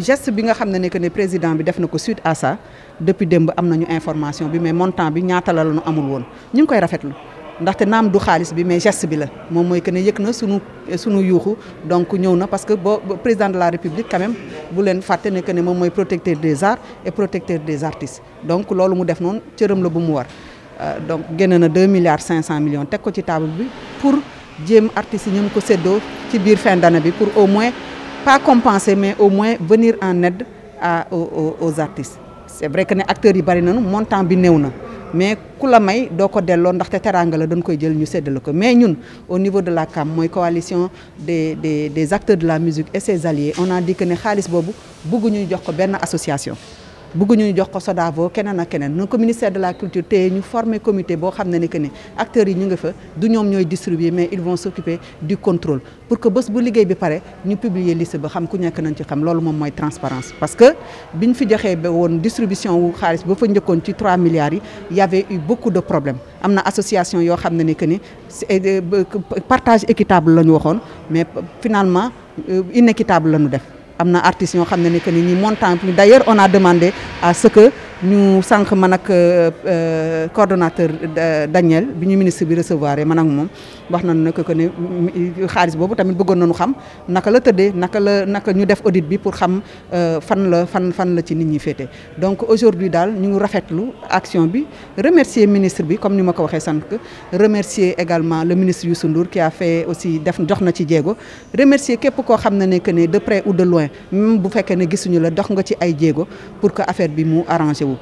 geste bi nga xamné ne que né président bi def nako suite à ça depuis demb am nañu information bi mais montant bi ñaatalal la ñu amul woon ñu koy rafetlu ndax té nam du xaalis bi mais geste bi la mom moy que né yëg na suñu sunu yuuxu donc ñëw na parce que bo président de la république quand même bu len faté né que ne moom mooy protecteur des arts et protecteur des artistes donc lolu mu def non cëram la bu mu war euh, donc génné na 2 milliards 500 millions teg ko ci table bi pour jéem artiste ñu ko seddo ci biir fin d'année bi pour au moins pas compenser mais au moins venir en aide aux artistes c'est vrai que les acteurs yi bari nañu montant bi de mais ku la may doo ko la mais nous, au niveau de la CAM la coalition des acteurs de la musique et ses alliés on a dit que ne Bobu, boobu bëgguñu jox association. Nous jox ko Sodavo keneen ak Nous, ministère de la culture nous ñu un comité pour ni que ni acteurs yi ñu nga mais ils vont s'occuper du contrôle pour que les bu liggéey bi pare ñu publier liste ba xam ku nekk nañ ci xam transparence parce que biñ fi avons ba woon distribution wu nous ba fa njëkkoon ci 3 milliards il y avait eu beaucoup de problèmes avons une association qui a fait ni que ni euh, partage équitable mais finalement euh, inéquitable def amna na artistes yoo xam que ni ñi montant d'ailleurs on a demandé à ce que ñu sank man ak euh, euh, coordonnateur euh, Daniel bi ñu ministre bi recevoir man ak mom wax nañu ne que ne xaalis bobu tamit bëggon nañu xam naka la teudé naka la naka ñu def audit bi pour xam fan la fan fan la ci nit ñi fété donc aujourd'hui dal ñu rafetlu action bi remercier ministre bi comme ni ma ko waxee remercier également le ministre Youssou Ndour qui a fait aussi def jox na ci jéego remercier képp ko xam ne ne que ne de près ou de loin. même bu fekkee ne gisuñu la dox nga ci ay jéego pour que affaire bi mu arrangé wu.